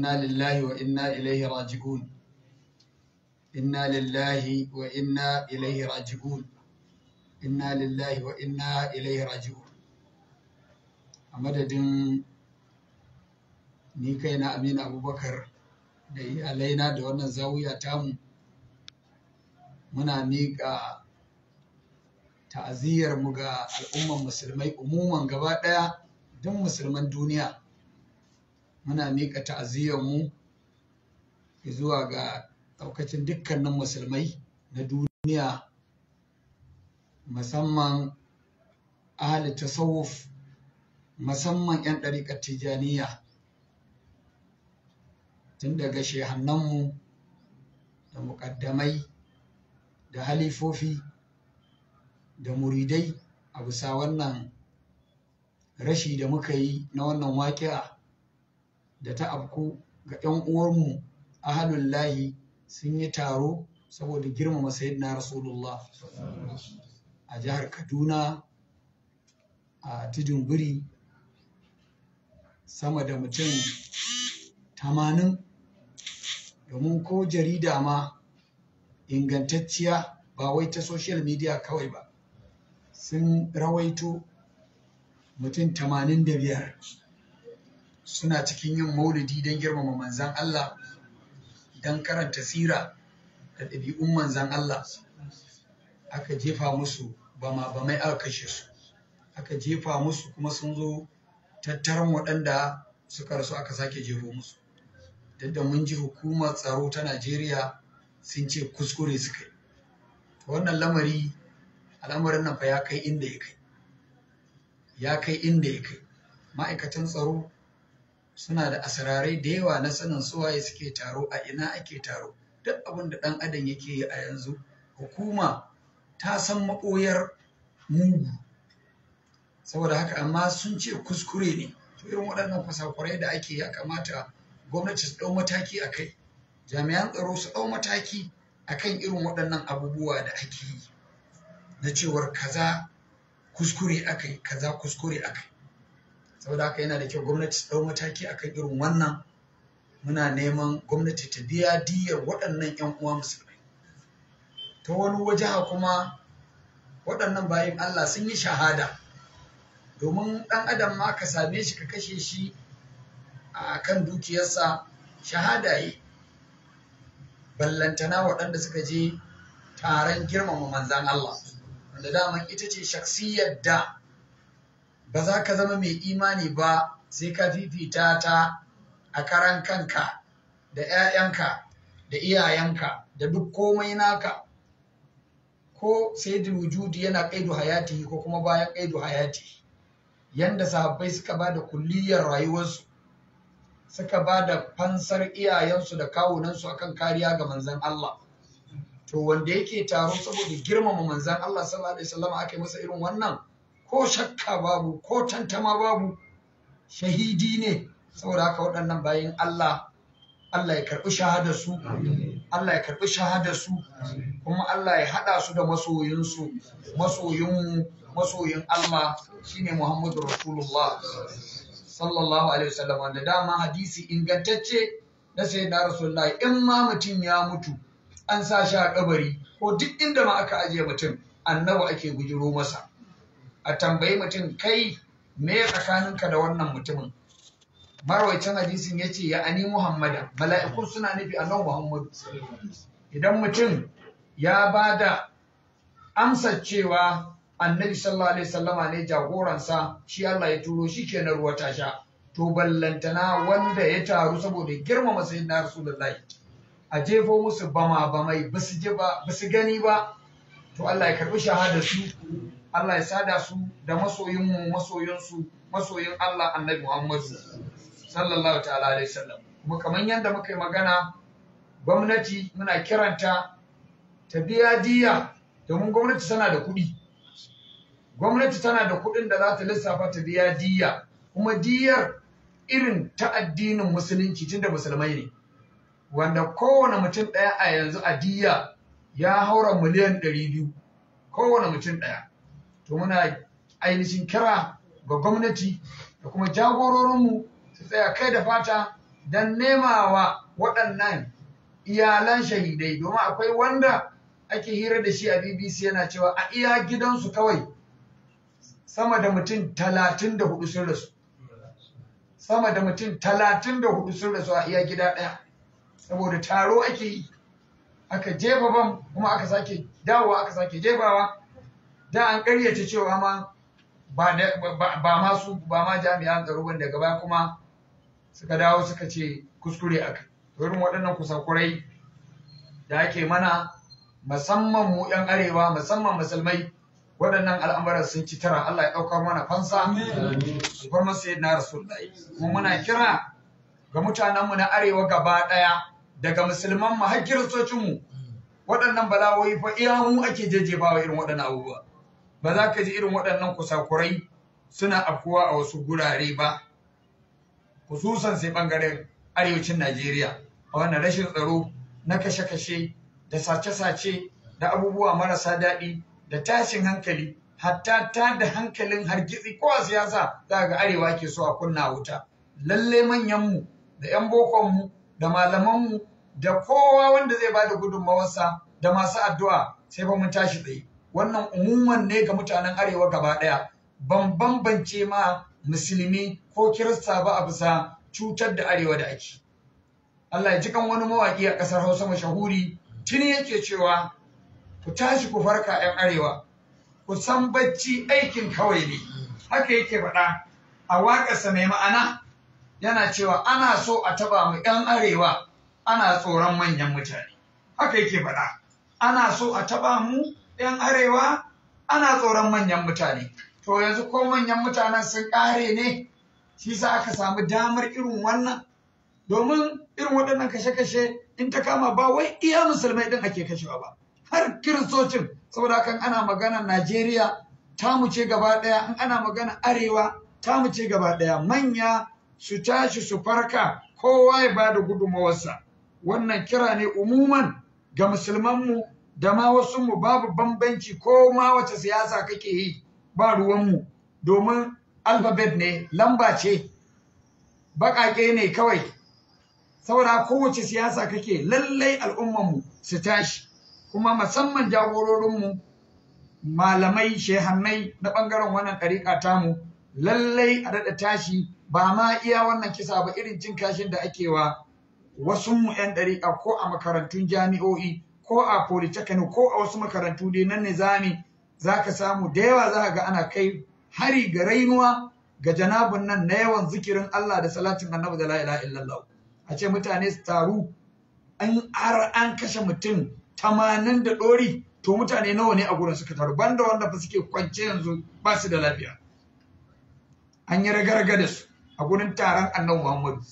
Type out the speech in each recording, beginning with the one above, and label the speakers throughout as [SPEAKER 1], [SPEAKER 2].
[SPEAKER 1] inna lillahi wa inna ilaihi raji'un inna lillahi wa inna ilaihi raji'un inna lillahi wa inna ilaihi raji'un a madadin ni kaina Aminu Abubakar da iyalaina da wannan zawiya tamu muna miƙa ta'aziyyar mu ga al'umman musulmai umuman gaba ɗaya don musulman duniya muna miƙa mu zuwa ga ɗaukacin dukkanin musulmai na duniya musamman ahli tasawuf musamman 'yan ɗariƙar tijaniya tun daga shehannanmu da muƙaddamai da halifofi da muridai a bisa wannan rashi da muka yi na wannan waƙi'a da ta afku ga 'yan uwanmu lahi sun yi taro saboda girmama sayyidina rasulullah a jihar kaduna a tudun biri sama da mutum tamanin domin ko jarida ma ingantacciya ba wai ta social media kawai ba sun rawaito mutum tamanin da biyar suna cikin yin maulidi don girmama manzan Allah don karanta tsira da ɗabi'un manzan Allah aka jefa musu ba ba bamai aka kashe su aka jefa musu kuma sun zo tattaran waɗanda suka rasu aka sake jefo musu duk da mun ji hukumar tsaro ta Najeriya sun ce kuskure suka yi wannan lamari al'amarin nan fa ya kai inda ya kai ya kai inda ya kai ma'aikatan tsaro suna da asirarai da yawa na sanin su waye suke taro a ina ake taro duk abin da ɗan adam yake yi a yanzu hukuma ta san maɓoyar mugu saboda haka amma sun ce kuskure ne to irin waɗannan fasakurai da ake ya kamata gwamnati su ɗau mataki a kai jami'an tsaro su ɗau mataki a kan irin waɗannan abubuwa da ake yi na cewar kaza kuskure akai kaza kuskure akai saboda haka yana da kyau gwamnati ta ɗau mataki akan irin wannan muna neman gwamnati ta biya diyar waɗannan 'yan uwa musulmai ta wani wajaha kuma waɗannan bayan Allah sun yi shahada domin ɗan adam ma ka same shi ka kashe shi a kan dukiyarsa shahada yi ballantana waɗanda suka je taron girmama manzan Allah wanda daman ita ce shaksiyar da ba za ka zama mai imani ba sai ka fifita ta a karan kanka da 'ya'yanka da iyayenka da duk komai naka ko sai da wujudi yana kaidu hayati ko kuma bayan kaidu hayati yanda sahabbai suka ba da kulliyar rayuwarsu suka ba da fansar iyayensu da kawunansu a kan kariya ga manzan Allah to wanda yake taro saboda girmama manzan Allah sallallahu alaihi wasallam aka yi masa irin wannan ko shakka babu ko tantama babu shahidi ne saboda haka waɗannan bayan Allah Allah ya karɓi shahada su Allah ya karɓi shahada su kuma Allah ya haɗa su da masoyinsu masoyin masoyin alma shine Muhammadu Rasulullah sallallahu alaihi wasallam da dama hadisi ingantacce na da Rasulullah in ma mutum ya mutu an sa shi a kabari ko duk inda ma aka ajiye mutum annabi ake gujiro masa a tambayi mutum kai me tsakaninka da wannan mutumin marwaicin hadisin ya ce ya ani muhammadan mala'ikun suna nufi a nan muhammadu idan mutum ya ba da amsar cewa annabi sallallahu alaihi sallama ne jagoransa shi allah ya turo shi ke na ruwa tasha. to ballantana wanda ya taru saboda girmama na rasulullahi a jefo musu bama bamai ba su gani ba to allah ya karbi shahadar su Allah ya sada su da masoyinmu masoyinsu masoyin Allah annabi Muhammadu sallallahu ta'ala alaihi wasallam kuma kaman yadda muka yi magana gwamnati muna kiranta ta biya diya domin gwamnati tana da kuɗi gwamnati tana da kuɗin da za ta lissafa ta biya diya kuma diyar irin ta addinin musulunci tunda musulmai ne wanda kowane mutum ɗaya a yanzu a diya ya haura miliyan ɗari biyu kowane mutum ɗaya to muna ainihin kira ga gwamnati da kuma jagororinmu su tsaya kai da fata don nemawa waɗannan iyalan shahidai domin akwai wanda ake hira da shi a bbc yana cewa a iya gidansu kawai sama da mutum talatin da hudu sun rasu sama da mutum talatin da hudu sun rasu a iya gida ɗaya saboda taro ake yi aka jefa bam kuma aka sake dawowa aka sake jefawa da an karyata cewa ma ba su ba ma jami'an tsaro wanda gaba kuma suka dawo suka ce kuskure aka wurin waɗannan kusakurai da ake mana musamman mu 'yan arewa musamman musulmai waɗannan al'amuran sun ci tara Allah ya ɗaukar mana fansa bar masu yadda na rasulullahi Mu muna kira ga mutanenmu na arewa gaba ɗaya daga musulman mu har kiristocinmu waɗannan bala'o'i fa iya mu ake jejjefawa irin waɗannan abubuwa ba za ka ji irin waɗannan kusakurai suna afkuwa a wasu gurare ba hususan sai ɓangaren arewacin najeriya a wannan rashin tsaro na kashe-kashe da sace-sace da abubuwa marasa daɗi da tashin hankali hatta ta da hankalin hargitsi ko a siyasa za ga arewa ke so a kunna wuta lalle manyanmu da 'yan bokonmu da malamanmu da kowa wanda zai ba da gudunmawarsa da masu addu'a sai ba mun tashi tsaye wannan umuman ne ga mutanen arewa gaba ɗaya ban bambance ma musulmi ko kirista ba a bisa cutar da arewa da ake Allah ya ji kan wani mawaki a ƙasar Hausa mashahuri tuni yake cewa ku tashi ku farka 'yan arewa ku san bacci aikin kawai ne haka yake faɗa a waƙarsa mai ma'ana yana cewa ana so a taba mu 'yan arewa ana tsoron manyan mutane haka yake faɗa ana so a taba mu 'yan arewa ana tsoron manyan mutane to yanzu ko manyan mutanen sun ƙare ne shi sa aka samu damar irin wannan domin irin waɗannan kashe-kashe in ta kama ba wai iya musulmai ɗin ake kashewa ba har kiristocin saboda kan ana magana najeriya mu ce gaba ɗaya in ana magana arewa ta ce gaba ɗaya manya su tashi su farka kowa ya ba da gudunmawarsa wannan kira ne umuman ga musulmanmu da ma wasu mu babu bambanci ko ma wace siyasa kake yi ba ruwanmu domin alphabet ne lamba ce baƙaƙe ne kawai saboda kowace siyasa kake lallai al'ummanmu su tashi kuma musamman jagororinmu malamai shehannai na ɓangaren wannan ɗariƙa tamu lallai a daɗa tashi ba ma iya wannan kisa ba irin cin kashin da ake wa wasu mu 'yan ɗariƙa ko a makarantun jami'o'i ko a polytechnic ko a wasu makarantu dai na nizami za ka samu da yawa za ga ana kai hari ga rainuwa ga janabun nan na yawan zikirin Allah da salatin annabi da la ilaha illallah a ce mutane su taru an ar an kashe mutum tamanin da ɗori to mutane nawa ne a gurin suka taru banda wanda fa suke kwance yanzu ba su da lafiya an yi ragarga da su a gurin taron annabi Muhammadu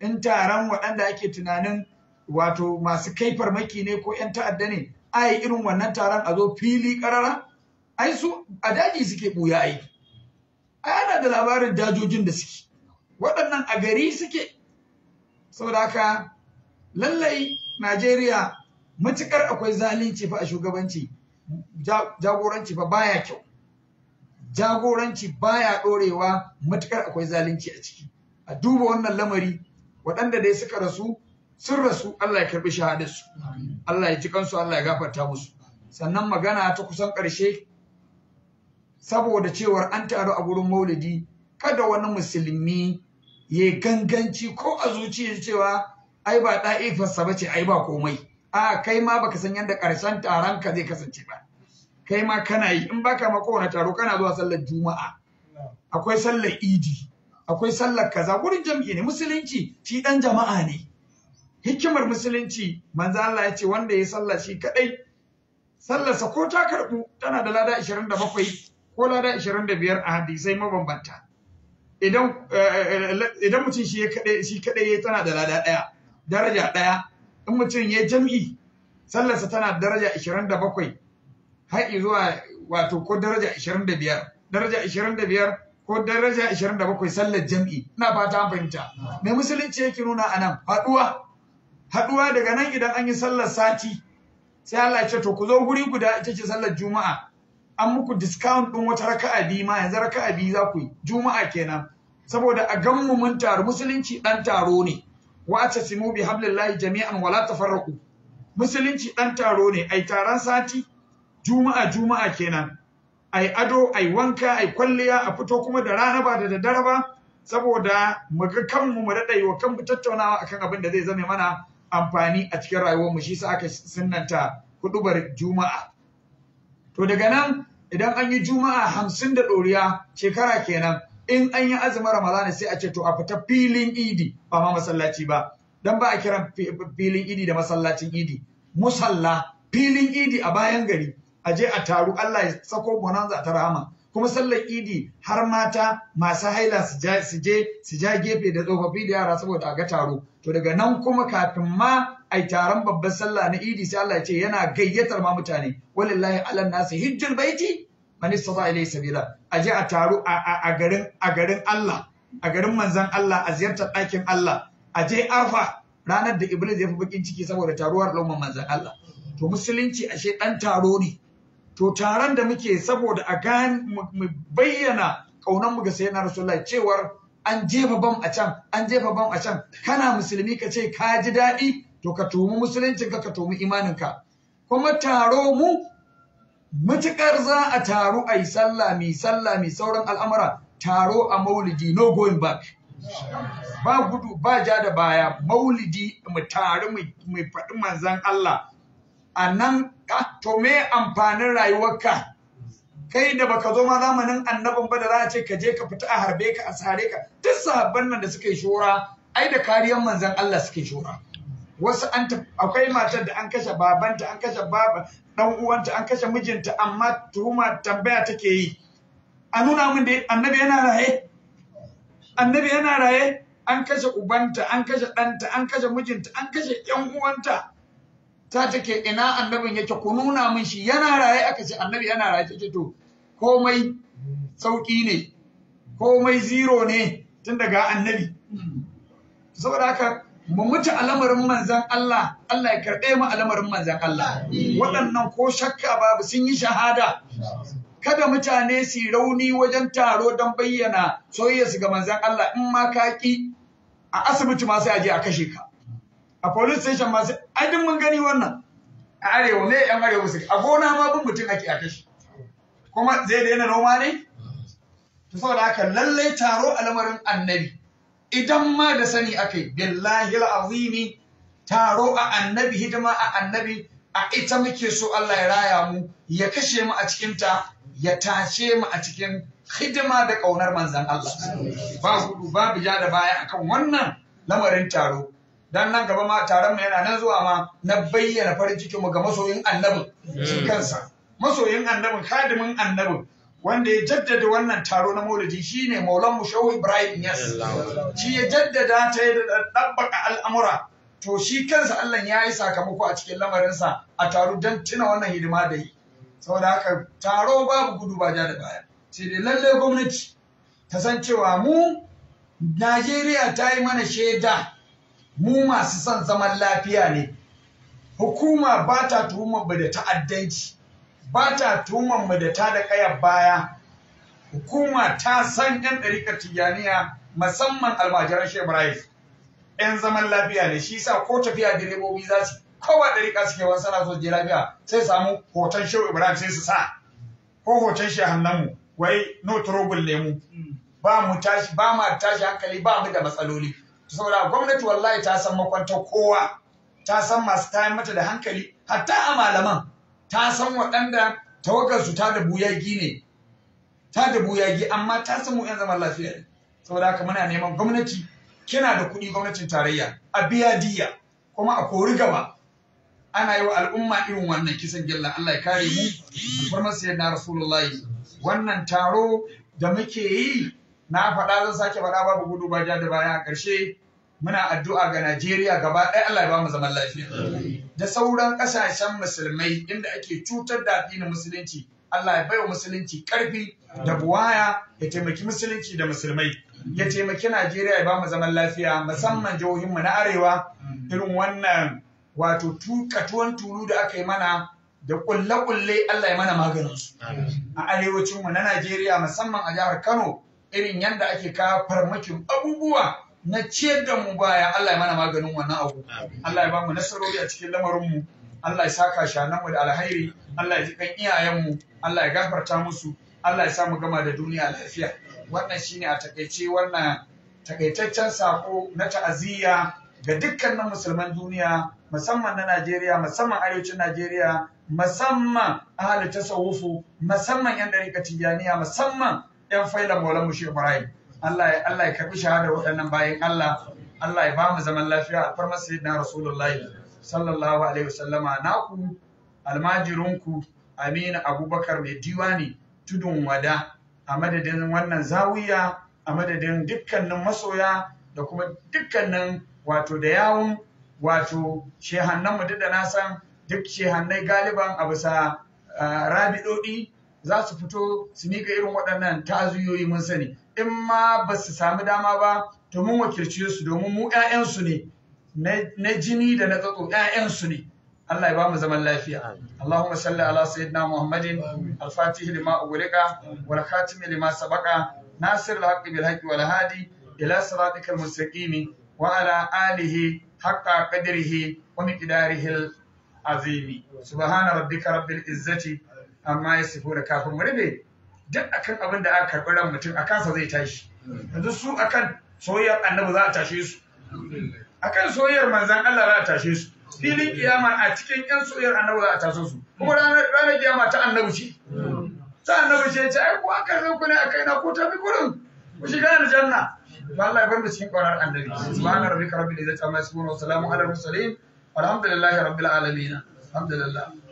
[SPEAKER 1] in taron waɗanda ake tunanin wato masu kai farmaki ne ko 'yan ta'adda ne a yi irin wannan taron a zo fili karara ai su a daji suke ɓuya aiki a yana da labarin dajojin da suke waɗannan a gari suke saboda aka lallai najeriya matukar akwai zalunci fa a shugabanci jagoranci fa baya kyau jagoranci baya ɗorewa matukar akwai zalunci a ciki a duba wannan lamari waɗanda dai suka rasu sun rasu Allah ya karbi shahadarsu Allah ya ji kansu Allah ya gafarta musu sannan magana ta kusan ƙarshe saboda cewar an taru a gurin maulidi kada wani musulmi ya ganganci ko a zuciya cewa ai ba ɗa'ifarsa ba ce ai ba komai a kai ma baka san yadda ƙarshen taron ka zai kasance ba kai ma kana yi in baka ma kowane taro kana zuwa sallar juma'a akwai sallar idi akwai sallar kaza gurin jam'i ne musulunci shi dan jama'a ne hikimar musulunci manzo Allah ya ce wanda ya sallah shi kadai sallarsa ko ta karbu tana da lada 27 ko lada 25 a hadisai mabambanta idan eh, idan mutum shi kadai shi kadai tana da lada daya daraja daya in mutum ya jam'i sallarsa tana daraja 27 har zuwa wato ko daraja 25 daraja 25 ko daraja 27 sallar jam'i ina fata fahimta me musulunci yake nuna anan haduwa haduwa daga nan idan an yi sallar sati sai Allah ya ce to ku zo guri guda ita ce sallar juma'a an muku discount din wata raka'a bi ma yanzu raka'a biyu za ku yi juma'a kenan saboda a ganmu mun taru musulunci dan taro ne wa si bi hablillahi jami'an wala tafarraqu musulunci dan taro ne ai taron sati juma'a juma'a kenan ai ado ai wanka ai kwalliya a fito kuma da rana ba da daddare ba saboda mu ga kanmu mu daɗa yi wa kanmu tattaunawa akan abin da zai zame mana amfani a cikin rayuwarmu shi sa aka sunnanta hudubar juma'a to daga nan idan an yi juma'a hamsin da ɗoriya shekara kenan in an yi azumin ramadana sai a ce to a fita filin idi ba ma masallaci ba dan ba a kiran filin idi da masallacin idi musalla filin idi a bayan gari a je a taru Allah ya sako bonanza ta rahama kuma sallar idi har mata masu haila su je su ja gefe da tsofaffi da yara saboda a ga taro to daga nan kuma kafin ma a yi taron babban sallah na idi sai Allah ya ce yana gayyatar ma mutane walillahi alan nasu hijjul baiti man istata ilayhi sabila a je a taro a garin a garin Allah a garin manzon Allah a ziyartar ɗakin Allah a je arfa ranar da iblis ya fi bakin ciki saboda taruwar lauman manzon Allah to musulunci ashe dan taro ne to taron da muke saboda a gane mu bayyana kaunan mu ga sayyidina rasulullahi cewar an jefa bam a can an jefa bam a can kana musulmi ka ce ka ji daɗi to ka tumi musulunci ka ka tumi imanin ka kuma taro mu matukar za a taro a yi sallah mai sallah mai sauran al'amura taro a maulidi no going back ba gudu ba ja da baya maulidi mu tare mu faɗi manzan Allah a nan to me amfanin rayuwarka kai da baka zo ma zamanin annabin ba da za a ce ka je ka fita a harbe ka a sare ka duk sahabban nan da suka yi ai da kariyar manzon Allah suke shura wasu an akwai matar da an kashe babanta an kashe baba dan uwanta an kashe mijinta amma tuhuma tambaya take yi a nuna min da annabi yana raye annabi yana raye an kashe ubanta an kashe ɗanta an kashe mijinta an kashe yan uwanta ta take ina annabin yake ku nuna min shi yana raye aka ce annabi yana raye take to komai sauki ne komai zero ne tun daga annabi saboda haka mu mutu al'amarin manzan Allah Allah ya karɓe mu al'amarin manzan Allah waɗannan ko shakka babu sun yi shahada kada mutane su rauni wajen taro don bayyana soyayya su ga manzan Allah in ma ka ki a asibiti ma sai a je a kashe ka a police station ma sai mun gani wannan a arewa ne yan arewa su a gona ma bin mutum ake a tashi kuma zai daina noma ne to saboda haka lallai taro a lamarin annabi idan ma da sani aka yi billahi al'azimi taro a annabi hidima a annabi a ita muke so Allah ya raya mu ya kashe mu a cikin ta ya tashe mu a cikin hidima da kaunar manzan Allah ba gudu babu ja da baya akan wannan lamarin taro dan nan gaba ma taron mu yana nan zuwa ma na bayyana farin cikin mu ga masoyin annabin hmm. shi kansa masoyin annabin kadimin annabin wanda ya jaddada wannan taro na maulidi shine maulan mu shehu ibrahim yas shi ya jaddada ta yi da dabbaka al'amura to shi kansa allah ya yi sakamako a cikin lamarinsa a taro don tuna wannan hidima da yi saboda haka taro babu gudu ba ja da baya sai dai lalle gwamnati ta san cewa mu najeriya ta yi mana shaida mu masu son zaman lafiya ne hukuma ba ta tuhumar mu da ta'addanci ba ta tuhumar mu da ta da kayar baya hukuma ta san yan ɗarikar tijjaniya musamman almajiran shehu ibrahim yan zaman lafiya ne shi sa ko tafiya direbobi za su kowa ɗarika suke wasu na so lafiya sai samu hoton shehu ibrahim sai su sa ko hoton shehannanmu wai no trouble ne mu hmm. ba mu tashi ba ma tashi hankali ba mu da matsaloli saboda gwamnati wallahi ta san makwantar kowa ta san masu tayan mata da hankali hatta a malaman ta san waɗanda tawagarsu ta da buyagi ne ta da buyagi amma ta san mu yan zaman lafiya ne saboda haka muna neman gwamnati kina da kuɗi gwamnatin tarayya a biya diya kuma a kori gaba ana yi wa al'umma irin wannan kisan gilla Allah ya kare mu alfarmar sayyidina rasulullahi wannan taro da muke yi na faɗa zan sake faɗa babu gudu ba ja da baya a ƙarshe muna addu'a ga Najeriya gaba ɗaya Allah ya ba mu zaman lafiya da sauran ƙasashen musulmai inda ake cutar da addinin musulunci Allah ya bai wa musulunci ƙarfi da buwaya ya taimaki musulunci da musulmai ya taimaki Najeriya ya ba mu zaman lafiya musamman jihohin mu na arewa irin wannan wato tukatuwan tulu da aka yi mana da kulle-kulle Allah ya mana maganin su a arewacinmu na Najeriya musamman a jihar Kano irin yanda ake kawo farmakin abubuwa na ciyar da mu baya Allah ya mana maganin wannan abu Allah ya ba mu nasarori a cikin lamarin mu Allah ya saka shanan mu da alhairi Allah ya ji kan iyayen mu Allah ya gafarta musu Allah ya sa mu gama da duniya lafiya wannan shine a takaice wannan takaitaccen sako na ta'aziyya ga dukkanin musulman duniya musamman na Najeriya musamman arewacin Najeriya musamman ahalin tasawufu musamman yan dariƙa tijaniya musamman yan faila maulan mushe ibrahim Allah ya Allah ya karbi shahada waɗannan bayan Allah Allah ya ba mu zaman lafiya a alfarmar na rasulullahi sallallahu alaihi wasallama naku almajirunku Aminu Abubakar mai diwani tudun wada a madadin wannan zawiya a madadin dukkanin masoya da kuma dukkanin wato da yawun wato shehannan mu da na san duk shehannai galiban a bisa rabidodi za su fito su mika irin waɗannan tazuyoyi mun sani in ma ba su sami dama ba to mun wakilci su domin mu 'ya'yansu ne na jini da na tsatso 'ya'yansu ne Allah ya ba mu zaman lafiya Allahumma salli ala sayyidina Muhammadin al-fatih lima ughliqa wal khatim lima sabaqa nasir al-haqqi bil haqqi wal hadi ila siratikal mustaqim wa ala alihi haqqa qadrihi wa miqdarihi al-azim subhana rabbika rabbil izzati amma ya sifo da kafin rabe duk akan abin da aka karɓi ran mutum a kansa zai tashi yanzu su akan soyayyar annabi za a tashe su akan soyayyar manzan Allah za a tashe su filin kiyama a cikin yan soyayyar annabi za a tashe su kuma ranar kiyama ta annabi ce ta annabi ce ce ai ko aka zo ku ne a na ko ta bi gurin ku shiga aljanna ba Allah ya bar mu cikin ƙwarar annabi subhanar rabbika rabbil izzati amma yasifun wa salamun ala mursalin alhamdulillahi rabbil alamin alhamdulillah